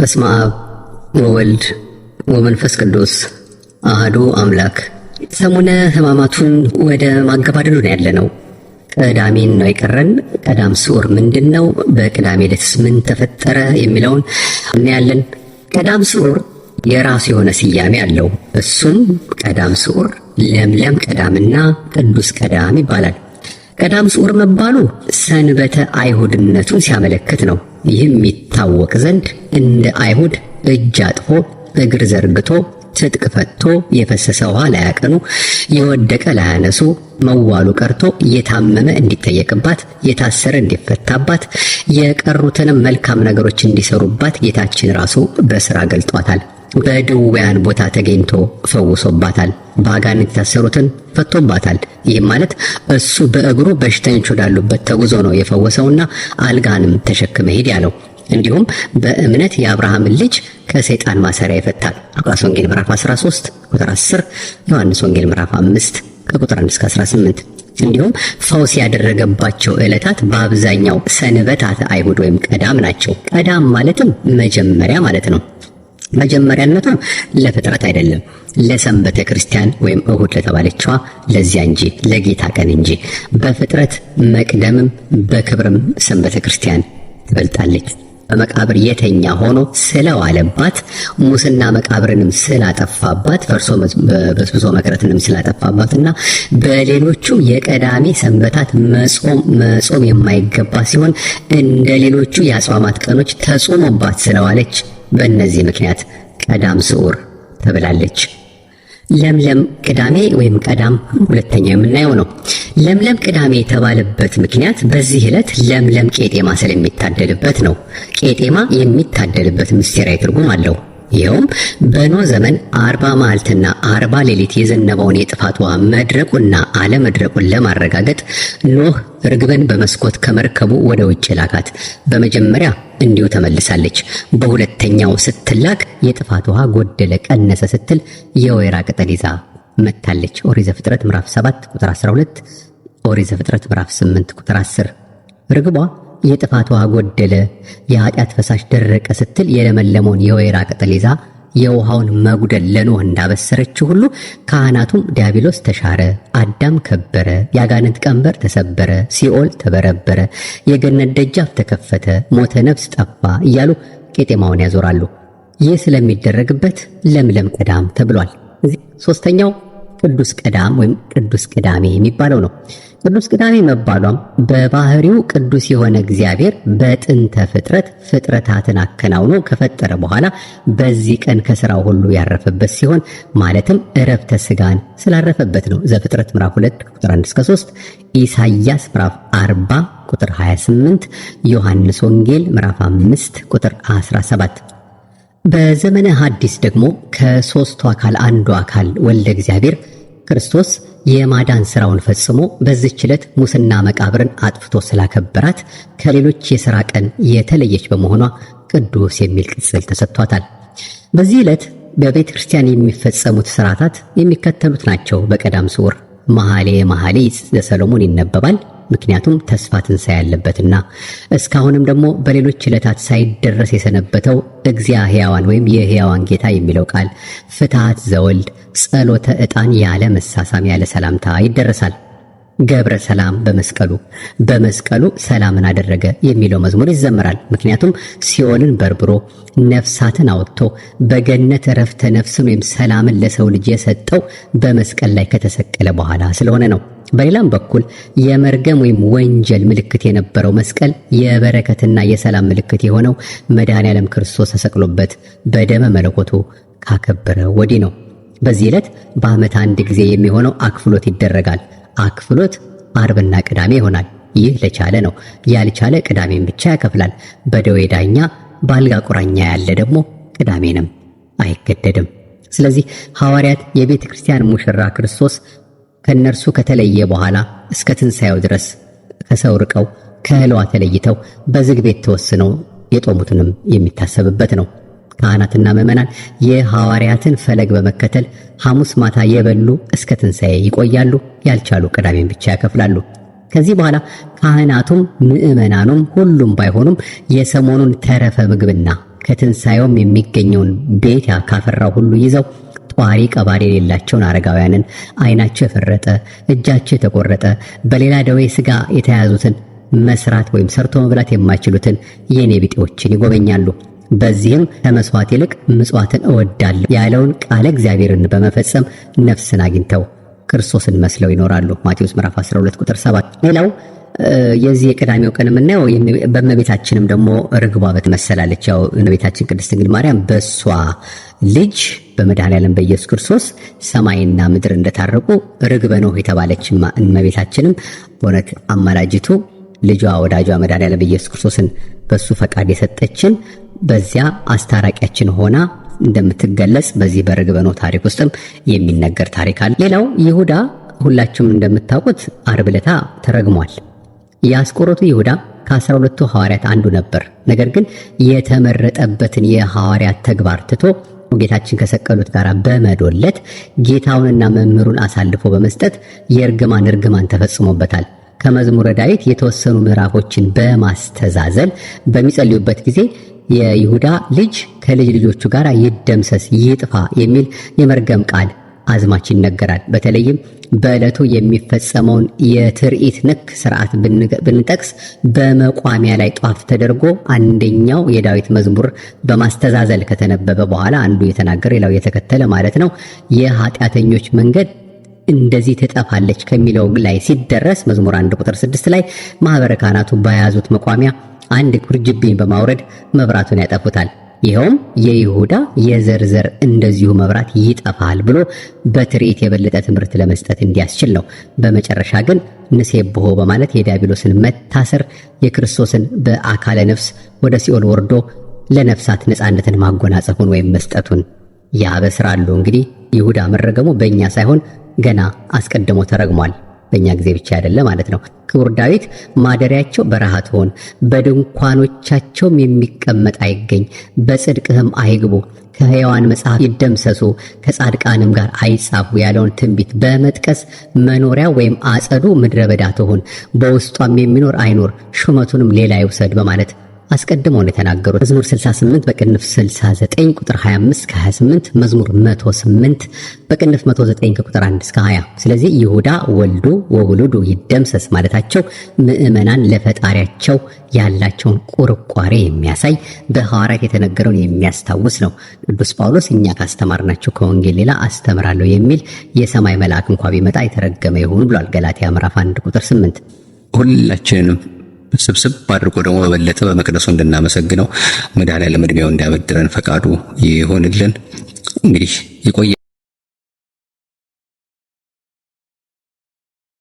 በስመ አብ ወወልድ ወመንፈስ ቅዱስ አህዱ አምላክ። ሰሙነ ሕማማቱን ወደ ማገባደዱ ነው ያለ ነው። ቅዳሜን ነው የቀረን። ቀዳም ስዑር ምንድን ነው? በቅዳሜ ዕለትስ ምን ተፈጠረ? የሚለውን እናያለን። ቀዳም ስዑር የራሱ የሆነ ስያሜ አለው። እሱም ቀዳም ስዑር፣ ለምለም ቀዳምና ቅዱስ ቀዳም ይባላል። ቀዳም ስዑር መባሉ ሰንበተ አይሁድነቱን ሲያመለክት ነው። ይህም ይታወቅ ዘንድ እንደ አይሁድ እጅ አጥፎ እግር ዘርግቶ ትጥቅ ፈቶ የፈሰሰ ውሃ ላያቀኑ የወደቀ ላያነሱ መዋሉ ቀርቶ የታመመ እንዲጠየቅባት የታሰረ እንዲፈታባት የቀሩትንም መልካም ነገሮች እንዲሰሩባት ጌታችን ራሱ በስራ ገልጧታል። በድውያን ቦታ ተገኝቶ ፈውሶባታል። በአጋንንት የታሰሩትን ፈቶባታል። ይህም ማለት እሱ በእግሩ በሽተኞች ወዳሉበት ተጉዞ ነው የፈወሰውና አልጋንም ተሸክመ ሂድ ያለው። እንዲሁም በእምነት የአብርሃምን ልጅ ከሰይጣን ማሰሪያ ይፈታል። ሉቃስ ወንጌል ምዕራፍ 13 ቁጥር 10፣ ዮሐንስ ወንጌል ምዕራፍ 5 ከቁጥር 1 እስከ 18። እንዲሁም ፈውስ ያደረገባቸው ዕለታት በአብዛኛው ሰንበታት አይሁድ ወይም ቀዳም ናቸው። ቀዳም ማለትም መጀመሪያ ማለት ነው። መጀመሪያነቷ ለፍጥረት አይደለም ለሰንበተ ክርስቲያን ወይም እሁድ ለተባለችዋ ለዚያ እንጂ ለጌታ ቀን እንጂ። በፍጥረት መቅደምም በክብርም ሰንበተ ክርስቲያን ትበልጣለች። በመቃብር የተኛ ሆኖ ስለዋለባት ሙስና መቃብርንም ስላጠፋባት ፈርሶ በስብሶ መቅረትንም ስላጠፋባትና በሌሎቹም የቀዳሜ ሰንበታት መጾም የማይገባ ሲሆን እንደ ሌሎቹ የአጽዋማት ቀኖች ተጾሞባት ስለዋለች በእነዚህ ምክንያት ቀዳም ስዑር ተብላለች። ለምለም ቅዳሜ ወይም ቀዳም ሁለተኛ የምናየው ነው። ለምለም ቅዳሜ የተባለበት ምክንያት በዚህ ዕለት ለምለም ቄጤማ ስለሚታደልበት ነው። ቄጤማ የሚታደልበት ምስጢራዊ ትርጉም አለው። ይኸውም በኖህ ዘመን አርባ መዓልትና አርባ ሌሊት የዘነበውን የጥፋት ውሃ መድረቁና አለመድረቁን ለማረጋገጥ ኖህ ርግበን በመስኮት ከመርከቡ ወደ ውጭ ላካት። በመጀመሪያ እንዲሁ ተመልሳለች። በሁለተኛው ስትላክ የጥፋት ውሃ ጎደለ፣ ቀነሰ ስትል የወይራ ቅጠል ይዛ መታለች። ኦሪት ዘፍጥረት ምዕራፍ 7 ቁጥር 12፣ ኦሪት ዘፍጥረት ምዕራፍ 8 ቁጥር 10። ርግቧ የጥፋት ውሃ ጎደለ፣ የኃጢአት ፈሳሽ ደረቀ ስትል የለመለመውን የወይራ ቅጠል ይዛ የውሃውን መጉደል ለኖህ እንዳበሰረችው ሁሉ ካህናቱም ዲያብሎስ ተሻረ፣ አዳም ከበረ፣ የአጋንንት ቀንበር ተሰበረ፣ ሲኦል ተበረበረ፣ የገነት ደጃፍ ተከፈተ፣ ሞተ ነፍስ ጠፋ እያሉ ቄጤማውን ያዞራሉ። ይህ ስለሚደረግበት ለምለም ቀዳም ተብሏል። ሶስተኛው ቅዱስ ቅዳም ወይም ቅዱስ ቅዳሜ የሚባለው ነው። ቅዱስ ቅዳሜ መባሏም በባህሪው ቅዱስ የሆነ እግዚአብሔር በጥንተ ፍጥረት ፍጥረታትን አከናውኖ ከፈጠረ በኋላ በዚህ ቀን ከስራው ሁሉ ያረፈበት ሲሆን ማለትም እረፍተ ስጋን ስላረፈበት ነው። ዘፍጥረት ምዕራፍ 2 ቁጥር 1 እስከ 3፣ ኢሳይያስ ምዕራፍ 40 ቁጥር 28፣ ዮሐንስ ወንጌል ምዕራፍ 5 ቁጥር 17። በዘመነ ሐዲስ ደግሞ ከሦስቱ አካል አንዱ አካል ወልደ እግዚአብሔር ክርስቶስ የማዳን ሥራውን ፈጽሞ በዚች ዕለት ሙስና መቃብርን አጥፍቶ ስላከበራት ከሌሎች የሥራ ቀን የተለየች በመሆኗ ቅዱስ የሚል ቅጽል ተሰጥቷታል። በዚህ ዕለት በቤተ ክርስቲያን የሚፈጸሙት ሥርዓታት የሚከተሉት ናቸው። በቀዳም ስዑር መሐሌ መሐሌ ዘሰሎሞን ይነበባል። ምክንያቱም ተስፋ ትንሣኤ ያለበትና እስካሁንም ደግሞ በሌሎች ዕለታት ሳይደረስ የሰነበተው እግዚአ ሕያዋን ወይም የሕያዋን ጌታ የሚለው ቃል ፍትሐት ዘወልድ ጸሎተ ዕጣን ያለ መሳሳም ያለ ሰላምታ ይደረሳል። ገብረ ሰላም በመስቀሉ በመስቀሉ ሰላምን አደረገ የሚለው መዝሙር ይዘመራል። ምክንያቱም ሲኦልን በርብሮ ነፍሳትን አወጥቶ በገነት እረፍተ ነፍስን ወይም ሰላምን ለሰው ልጅ የሰጠው በመስቀል ላይ ከተሰቀለ በኋላ ስለሆነ ነው። በሌላም በኩል የመርገም ወይም ወንጀል ምልክት የነበረው መስቀል የበረከትና የሰላም ምልክት የሆነው መድኃኔ ዓለም ክርስቶስ ተሰቅሎበት በደመ መለኮቱ ካከበረ ወዲህ ነው። በዚህ ዕለት በዓመት አንድ ጊዜ የሚሆነው አክፍሎት ይደረጋል። አክፍሎት አርብና ቅዳሜ ይሆናል። ይህ ለቻለ ነው፣ ያልቻለ ቅዳሜን ብቻ ያከፍላል። በደዌ ዳኛ በአልጋ ቁራኛ ያለ ደግሞ ቅዳሜንም አይገደድም። ስለዚህ ሐዋርያት የቤተ ክርስቲያን ሙሽራ ክርስቶስ ከእነርሱ ከተለየ በኋላ እስከ ትንሣኤው ድረስ ከሰው ርቀው ከህልዋ ተለይተው በዝግ ቤት ተወስነው የጦሙትንም የሚታሰብበት ነው። ካህናትና ምዕመናን የሐዋርያትን ፈለግ በመከተል ሐሙስ ማታ የበሉ እስከ ትንሣኤ ይቆያሉ፣ ያልቻሉ ቅዳሜን ብቻ ያከፍላሉ። ከዚህ በኋላ ካህናቱም ምዕመናኑም ሁሉም ባይሆኑም የሰሞኑን ተረፈ ምግብና ከትንሣኤውም የሚገኘውን ቤት ካፈራው ሁሉ ይዘው ጧሪ ቀባሪ የሌላቸውን አረጋውያንን፣ አይናቸው የፈረጠ፣ እጃቸው የተቆረጠ፣ በሌላ ደዌ ስጋ የተያዙትን መስራት ወይም ሰርቶ መብላት የማይችሉትን የኔ ቢጤዎችን ይጎበኛሉ። በዚህም ከመስዋዕት ይልቅ ምጽዋትን እወዳለሁ ያለውን ቃለ እግዚአብሔርን በመፈጸም ነፍስን አግኝተው ክርስቶስን መስለው ይኖራሉ። ማቴዎስ ምዕራፍ 12 ቁጥር 7። ሌላው የዚህ የቅዳሜው ቀን የምናየው በእመቤታችንም ደግሞ ርግቧ በትመሰላለች። ያው እመቤታችን ቅድስት ድንግል ማርያም በእሷ ልጅ በመድኃኔዓለም በኢየሱስ ክርስቶስ ሰማይና ምድር እንደታረቁ ርግበ ኖህ የተባለች እመቤታችንም በእውነት አማላጅቱ ልጇ ወዳጇ መድኃኔዓለም በኢየሱስ ክርስቶስን በሱ ፈቃድ የሰጠችን በዚያ አስታራቂያችን ሆና እንደምትገለጽ በዚህ በርግበ ኖህ ታሪክ ውስጥም የሚነገር ታሪክ አለ። ሌላው ይሁዳ ሁላችሁም እንደምታውቁት ዓርብ ዕለት ተረግሟል። የአስቆሮቱ ይሁዳ ከአስራ ሁለቱ ሐዋርያት አንዱ ነበር። ነገር ግን የተመረጠበትን የሐዋርያት ተግባር ትቶ ጌታችን ከሰቀሉት ጋር በመዶለት ጌታውንና መምህሩን አሳልፎ በመስጠት የእርግማን እርግማን ተፈጽሞበታል። ከመዝሙረ ዳዊት የተወሰኑ ምዕራፎችን በማስተዛዘል በሚጸልዩበት ጊዜ የይሁዳ ልጅ ከልጅ ልጆቹ ጋር ይደምሰስ ይጥፋ የሚል የመርገም ቃል አዝማች ይነገራል። በተለይም በዕለቱ የሚፈጸመውን የትርኢት ንክ ስርዓት ብንጠቅስ በመቋሚያ ላይ ጧፍ ተደርጎ አንደኛው የዳዊት መዝሙር በማስተዛዘል ከተነበበ በኋላ አንዱ የተናገረ ሌላው የተከተለ ማለት ነው። የኃጢአተኞች መንገድ እንደዚህ ትጠፋለች ከሚለው ላይ ሲደረስ መዝሙር አንድ ቁጥር ስድስት ላይ ማኅበረ ካህናቱ በያዙት መቋሚያ አንድ ኩርጅብኝ በማውረድ መብራቱን ያጠፉታል። ይኸውም የይሁዳ የዘርዘር እንደዚሁ መብራት ይጠፋል ብሎ በትርኢት የበለጠ ትምህርት ለመስጠት እንዲያስችል ነው። በመጨረሻ ግን ንሴብሆ በማለት የዲያብሎስን መታሰር የክርስቶስን በአካለ ነፍስ ወደ ሲኦል ወርዶ ለነፍሳት ነፃነትን ማጎናጸፉን ወይም መስጠቱን ያበስራሉ። እንግዲህ ይሁዳ መረገሙ በእኛ ሳይሆን ገና አስቀድሞ ተረግሟል። በእኛ ጊዜ ብቻ አይደለም ማለት ነው። ክቡር ዳዊት ማደሪያቸው በረሃ ትሆን፣ በድንኳኖቻቸውም የሚቀመጥ አይገኝ፣ በጽድቅህም አይግቡ፣ ከሕያዋን መጽሐፍ ይደምሰሱ፣ ከጻድቃንም ጋር አይጻፉ ያለውን ትንቢት በመጥቀስ መኖሪያ ወይም አጸዱ ምድረ በዳ ትሆን፣ በውስጧም የሚኖር አይኖር፣ ሹመቱንም ሌላ ይውሰድ በማለት አስቀድመው ነው የተናገሩት። መዝሙር 68 በቅንፍ 69 ቁጥር 25 እስከ 28 መዝሙር 108 በቅንፍ 109 ከቁጥር 1 እስከ 20። ስለዚህ ይሁዳ ወልዶ ወውሉዱ ይደምሰስ ማለታቸው ምእመናን ለፈጣሪያቸው ያላቸውን ቁርቋሬ የሚያሳይ በሐዋርያት የተነገረውን የሚያስታውስ ነው። ቅዱስ ጳውሎስ እኛ ናቸው ከወንጌል ሌላ አስተምራለሁ የሚል የሰማይ መልአክ እንኳ ቢመጣ የተረገመ ይሁን ብሏል። ገላትያ ምዕራፍ 1 ቁጥር 8 ሁላችንም ስብስብ አድርጎ ደግሞ በበለጠ በመቅደሱ እንድናመሰግነው መድኃኔዓለም ዕድሜው እንዲያበድረን ፈቃዱ ይሆንልን። እንግዲህ ይቆያል።